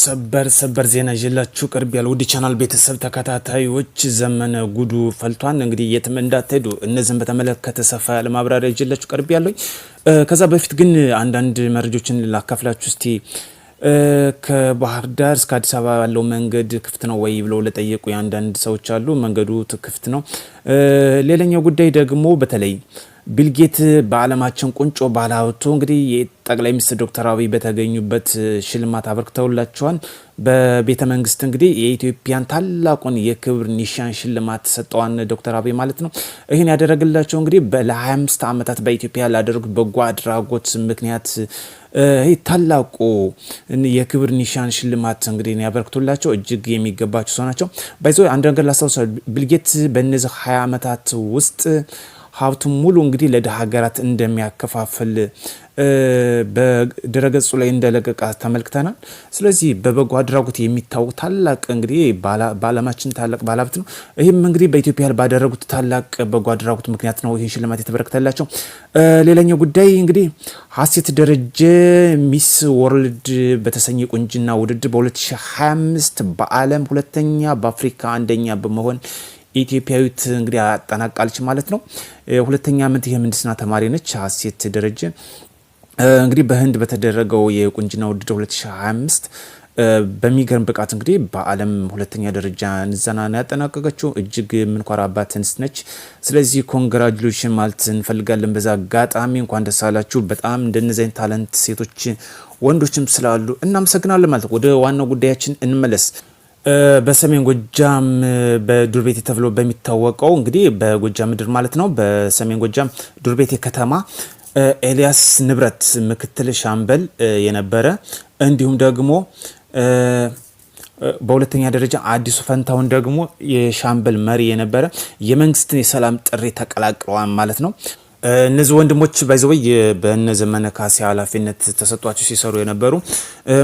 ሰበር ሰበር ዜና ይዤላችሁ ቅርብ ያለ ውድ ቻናል ቤተሰብ ተከታታዮች ዘመነ ጉዱ ፈልቷን እንግዲህ የትም እንዳትሄዱ እነዚህን በተመለከተ ሰፋ ያለ ማብራሪያ ይዤላችሁ ቅርብ ያለኝ። ከዛ በፊት ግን አንዳንድ መረጃዎችን ላካፍላችሁ እስቲ። ከባህር ዳር እስከ አዲስ አበባ ያለው መንገድ ክፍት ነው ወይ ብለው ለጠየቁ የአንዳንድ ሰዎች አሉ። መንገዱ ክፍት ነው። ሌላኛው ጉዳይ ደግሞ በተለይ ቢልጌት በዓለማችን ቁንጮ ባለሀብቱ እንግዲህ ጠቅላይ ሚኒስትር ዶክተር አብይ በተገኙበት ሽልማት አበርክተውላቸዋል። በቤተ መንግስት እንግዲህ የኢትዮጵያን ታላቁን የክብር ኒሻን ሽልማት ሰጠዋን ዶክተር አብይ ማለት ነው። ይህን ያደረግላቸው እንግዲህ ለ25 ዓመታት በኢትዮጵያ ላደረጉ በጎ አድራጎት ምክንያት ታላቁ የክብር ኒሻን ሽልማት እንግዲህ ያበረክቶላቸው እጅግ የሚገባቸው ሰው ናቸው። ባይዞ አንድ ነገር ላስታውሳል። ቢልጌት በእነዚህ 20 ዓመታት ውስጥ ሀብቱም ሙሉ እንግዲህ ለድሃ ሀገራት እንደሚያከፋፍል በድረገጹ ላይ እንደለቀቀ ተመልክተናል። ስለዚህ በበጎ አድራጎት የሚታወቅ ታላቅ እንግዲህ በዓለማችን ታላቅ ባለሀብት ነው። ይህም እንግዲህ በኢትዮጵያ ባደረጉት ታላቅ በጎ አድራጎት ምክንያት ነው ይህን ሽልማት የተበረከተላቸው። ሌላኛው ጉዳይ እንግዲህ ሀሴት ደረጀ ሚስ ወርልድ በተሰኘ ቁንጅና ውድድር በ2025 በዓለም ሁለተኛ በአፍሪካ አንደኛ በመሆን ኢትዮጵያዊት እንግዲህ አጠናቃለች ማለት ነው። ሁለተኛ ዓመት የምህንድስና ተማሪ ነች ሀሴት ደረጀ እንግዲህ በህንድ በተደረገው የቁንጅና ውድድር 2025 በሚገርም ብቃት እንግዲህ በዓለም ሁለተኛ ደረጃ ንዘና ነው ያጠናቀቀችው። እጅግ የምንኮራባት እንስት ነች። ስለዚህ ኮንግራጁሌሽን ማለት እንፈልጋለን። በዛ አጋጣሚ እንኳን ደስ አላችሁ። በጣም እንደነዚህ አይነት ታለንት ሴቶች ወንዶችም ስላሉ እናመሰግናለን ማለት ወደ ዋናው ጉዳያችን እንመለስ። በሰሜን ጎጃም በዱር ቤቴ ተብሎ በሚታወቀው እንግዲህ በጎጃም ምድር ማለት ነው። በሰሜን ጎጃም ዱር ቤቴ ከተማ ኤልያስ ንብረት ምክትል ሻምበል የነበረ እንዲሁም ደግሞ በሁለተኛ ደረጃ አዲሱ ፈንታውን ደግሞ የሻምበል መሪ የነበረ የመንግስትን የሰላም ጥሪ ተቀላቅለዋል ማለት ነው። እነዚህ ወንድሞች ባይዘወይ በእነ ዘመነ ካሴ ኃላፊነት ተሰጧቸው ሲሰሩ የነበሩ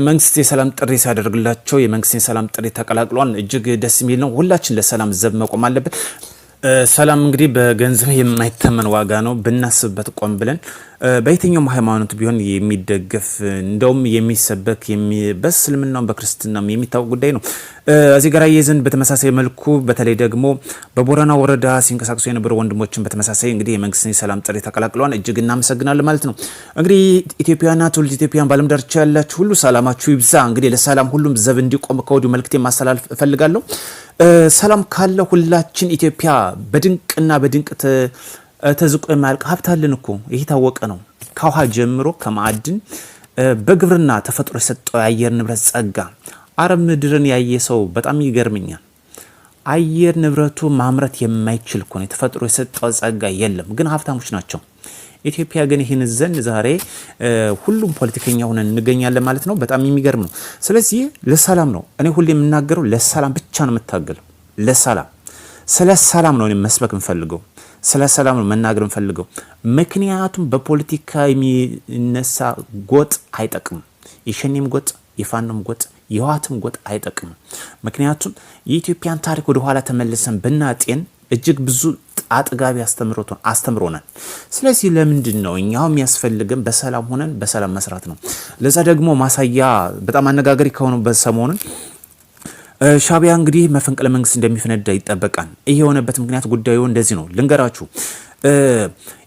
መንግስት የሰላም ጥሪ ሲያደርግላቸው የመንግስት የሰላም ጥሪ ተቀላቅሏል። እጅግ ደስ የሚል ነው። ሁላችን ለሰላም ዘብ መቆም አለብን። ሰላም እንግዲህ በገንዘብ የማይተመን ዋጋ ነው። ብናስብበት ቆም ብለን በየትኛውም ሃይማኖት ቢሆን የሚደገፍ እንደውም የሚሰበክ በእስልምናውም በክርስትናም የሚታወቅ ጉዳይ ነው። እዚህ ጋር የዘንድ በተመሳሳይ መልኩ በተለይ ደግሞ በቦረና ወረዳ ሲንቀሳቀሱ የነበሩ ወንድሞችን በተመሳሳይ እንግዲህ የመንግስትን የሰላም ጥሪ ተቀላቅለዋል። እጅግ እናመሰግናለን ማለት ነው። እንግዲህ ኢትዮጵያና ትውልድ ኢትዮጵያን በዓለም ዳርቻ ያላችሁ ሁሉ ሰላማችሁ ይብዛ። እንግዲህ ለሰላም ሁሉም ዘብ እንዲቆም ከወዲሁ መልክቴ ማስተላለፍ እፈልጋለሁ። ሰላም ካለ ሁላችን ኢትዮጵያ በድንቅና በድንቅ ተዝቆ የማያልቅ ሀብታለን እኮ ይህ ታወቀ ነው። ከውሃ ጀምሮ ከማዕድን በግብርና ተፈጥሮ የሰጠው የአየር ንብረት ጸጋ አረብ ምድርን ያየ ሰው በጣም ይገርመኛል። አየር ንብረቱ ማምረት የማይችል ከሆነ የተፈጥሮ የሰጠው ጸጋ የለም፣ ግን ሀብታሞች ናቸው። ኢትዮጵያ ግን ይህን ዘን ዛሬ ሁሉም ፖለቲከኛ ሆነን እንገኛለን ማለት ነው። በጣም የሚገርም ነው። ስለዚህ ለሰላም ነው እኔ ሁሌ የምናገረው፣ ለሰላም ብቻ ነው የምታገል ለሰላም ስለ ሰላም ነው እኔ መስበክ የምፈልገው፣ ስለ ሰላም ነው መናገር የምፈልገው። ምክንያቱም በፖለቲካ የሚነሳ ጎጥ አይጠቅምም። የሸኔም ጎጥ የፋኖም ጎጥ የህወሓትም ጎጥ አይጠቅምም። ምክንያቱም የኢትዮጵያን ታሪክ ወደኋላ ተመልሰን ብናጤን እጅግ ብዙ አጥጋቢ አስተምሮናል። ስለዚህ ለምንድን ነው እኛው የሚያስፈልገን በሰላም ሆነን በሰላም መስራት ነው። ለዛ ደግሞ ማሳያ በጣም አነጋገሪ ከሆነ በሰሞኑን ሻቢያ እንግዲህ መፈንቅለ መንግስት እንደሚፈነዳ ይጠበቃል። ይህ የሆነበት ምክንያት ጉዳዩ እንደዚህ ነው፣ ልንገራችሁ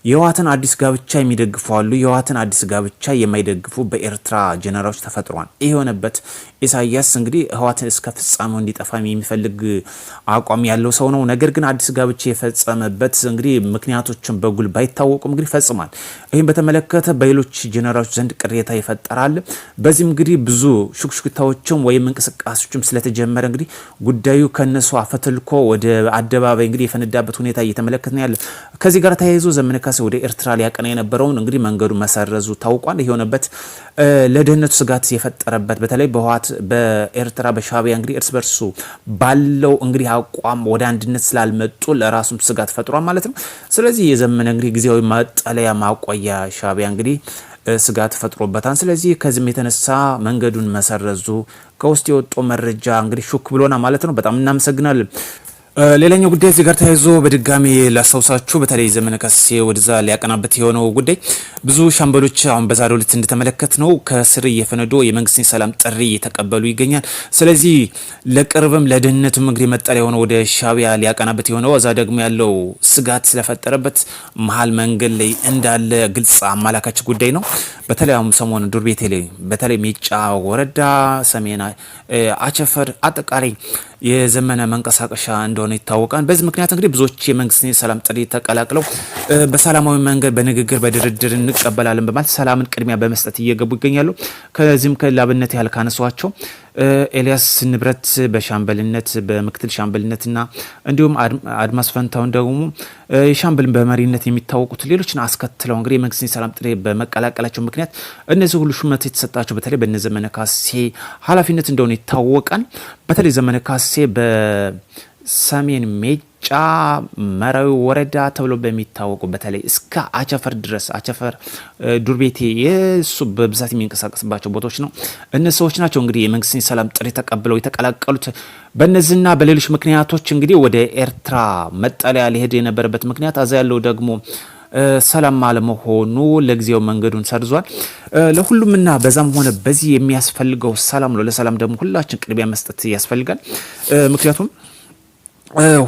የህወሓትን አዲስ ጋብቻ የሚደግፉ አሉ፣ የህወሓትን አዲስ ጋብቻ የማይደግፉ በኤርትራ ጀነራሎች ተፈጥሯል። ይህ የሆነበት ኢሳያስ እንግዲህ ህወሓትን እስከ ፍጻሜው እንዲጠፋ የሚፈልግ አቋም ያለው ሰው ነው። ነገር ግን አዲስ ጋብቻ የፈጸመበት እንግዲህ ምክንያቶችን በጉል ባይታወቁም እንግዲህ ፈጽሟል። ይህም በተመለከተ በሌሎች ጀነራሎች ዘንድ ቅሬታ ይፈጠራል። በዚህም እንግዲህ ብዙ ሹክሹክታዎችም ወይም እንቅስቃሴዎችም ስለተጀመረ እንግዲህ ጉዳዩ ከነሱ አፈትልኮ ወደ አደባባይ እንግዲህ የፈነዳበት ሁኔታ እየተመለከት ነው ያለ ከዚህ ጋር ተያይዞ ዘመነ እንቅስቃሴ ወደ ኤርትራ ሊያቀና የነበረውን እንግዲህ መንገዱ መሰረዙ ታውቋል። የሆነበት ለደህንነቱ ስጋት የፈጠረበት በተለይ በህወሓት በኤርትራ በሻቢያ እንግዲህ እርስ በርሱ ባለው እንግዲህ አቋም ወደ አንድነት ስላልመጡ ለራሱም ስጋት ፈጥሯል ማለት ነው። ስለዚህ የዘመነ እንግዲህ ጊዜያዊ መጠለያ ማቆያ ሻቢያ እንግዲህ ስጋት ፈጥሮበታል። ስለዚህ ከዚህም የተነሳ መንገዱን መሰረዙ ከውስጥ የወጣው መረጃ እንግዲህ ሹክ ብሎና ማለት ነው። በጣም እናመሰግናለን። ሌላኛው ጉዳይ እዚህ ጋር ተያይዞ በድጋሚ ላስታውሳችሁ በተለይ ዘመነ ካሴ ወደዛ ሊያቀናበት የሆነው ጉዳይ ብዙ ሻምበሎች አሁን በዛሬው ዕለት እንደተመለከት ነው ከስር እየፈነዶ የመንግስትን ሰላም ጥሪ እየተቀበሉ ይገኛል። ስለዚህ ለቅርብም ለደህንነቱም እንግዲህ መጠለያ የሆነው ወደ ሻቢያ ሊያቀናበት የሆነው እዛ ደግሞ ያለው ስጋት ስለፈጠረበት መሀል መንገድ ላይ እንዳለ ግልጽ አመላካች ጉዳይ ነው። በተለይ አሁን ሰሞኑ ዱር ቤቴ ላይ በተለይ ሜጫ ወረዳ፣ ሰሜን አቸፈር አጠቃላይ የዘመነ መንቀሳቀሻ እንደ እንደሆነ ይታወቃል። በዚህ ምክንያት እንግዲህ ብዙዎች የመንግስትን የሰላም ጥሪ ተቀላቅለው በሰላማዊ መንገድ በንግግር በድርድር እንቀበላለን በማለት ሰላምን ቅድሚያ በመስጠት እየገቡ ይገኛሉ። ከዚህም ከላብነት ያህል ካነሷቸው ኤልያስ ንብረት በሻምበልነት በምክትል ሻምበልነትና እንዲሁም አድማስ ፈንታውን ደግሞ የሻምበልን በመሪነት የሚታወቁት ሌሎችን አስከትለው እንግዲህ የመንግስት የሰላም ጥሪ በመቀላቀላቸው ምክንያት እነዚህ ሁሉ ሹመት የተሰጣቸው በተለይ በነ ዘመነ ካሴ ኃላፊነት እንደሆነ ይታወቃል። በተለይ ዘመነ ካሴ በ ሰሜን ሜጫ መራዊ ወረዳ ተብሎ በሚታወቁ በተለይ እስከ አቸፈር ድረስ አቸፈር ዱርቤቴ የሱ በብዛት የሚንቀሳቀስባቸው ቦታዎች ነው። እነዚህ ሰዎች ናቸው እንግዲህ የመንግስትን የሰላም ጥሪ ተቀብለው የተቀላቀሉት። በእነዚህና በሌሎች ምክንያቶች እንግዲህ ወደ ኤርትራ መጠለያ ሊሄድ የነበረበት ምክንያት አዛ ያለው ደግሞ ሰላም አለመሆኑ ለጊዜው መንገዱን ሰርዟል። ለሁሉምና በዛም ሆነ በዚህ የሚያስፈልገው ሰላም ነው። ለሰላም ደግሞ ሁላችን ቅድሚያ መስጠት ያስፈልጋል። ምክንያቱም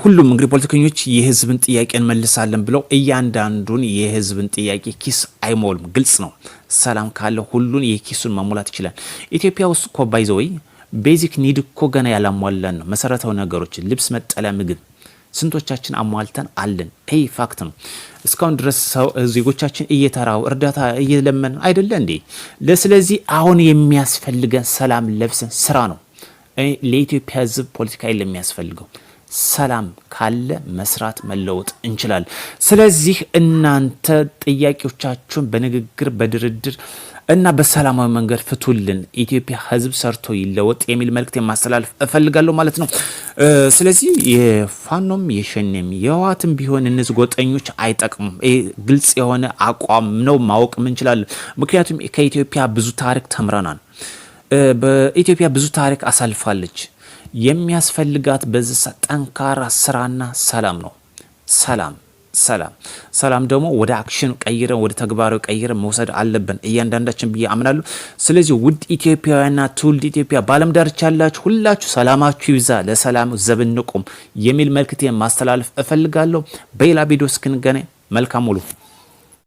ሁሉም እንግዲህ ፖለቲከኞች የህዝብን ጥያቄ እንመልሳለን ብለው እያንዳንዱን የህዝብን ጥያቄ ኪስ አይሞልም። ግልጽ ነው። ሰላም ካለ ሁሉን የኪሱን መሙላት ይችላል። ኢትዮጵያ ውስጥ እኮ ባይዘወይ ቤዚክ ኒድ እኮ ገና ያላሟላን ነው። መሰረታዊ ነገሮች ልብስ፣ መጠለያ፣ ምግብ ስንቶቻችን አሟልተን አለን? ይህ ፋክት ነው። እስካሁን ድረስ ዜጎቻችን እየተራው እርዳታ እየለመን አይደለ እንዴ? ለስለዚህ አሁን የሚያስፈልገን ሰላም ለብሰን ስራ ነው። ለኢትዮጵያ ህዝብ ፖለቲካ የሚያስፈልገው ሰላም ካለ መስራት መለወጥ እንችላለን። ስለዚህ እናንተ ጥያቄዎቻችሁን በንግግር በድርድር እና በሰላማዊ መንገድ ፍቱልን። ኢትዮጵያ ህዝብ ሰርቶ ይለወጥ የሚል መልእክት የማስተላለፍ እፈልጋለሁ ማለት ነው። ስለዚህ የፋኖም የሸኔም የህወሓትም ቢሆን እነዚህ ጎጠኞች አይጠቅሙም። ግልጽ የሆነ አቋም ነው ማወቅ ምንችላለን። ምክንያቱም ከኢትዮጵያ ብዙ ታሪክ ተምረናል። በኢትዮጵያ ብዙ ታሪክ አሳልፋለች። የሚያስፈልጋት በዚህ ጠንካራ ስራና ሰላም ነው። ሰላም ሰላም ሰላም ደግሞ ወደ አክሽን ቀይረን ወደ ተግባራዊ ቀይረን መውሰድ አለብን እያንዳንዳችን ብዬ አምናለሁ። ስለዚህ ውድ ኢትዮጵያውያንና ትውልድ ኢትዮጵያ በዓለም ዳርቻ ያላችሁ ሁላችሁ ሰላማችሁ ይብዛ፣ ለሰላም ዘብንቁም የሚል መልክቴን ማስተላለፍ እፈልጋለሁ። በሌላ ቪዲዮ እስክንገናኝ መልካም ሙሉ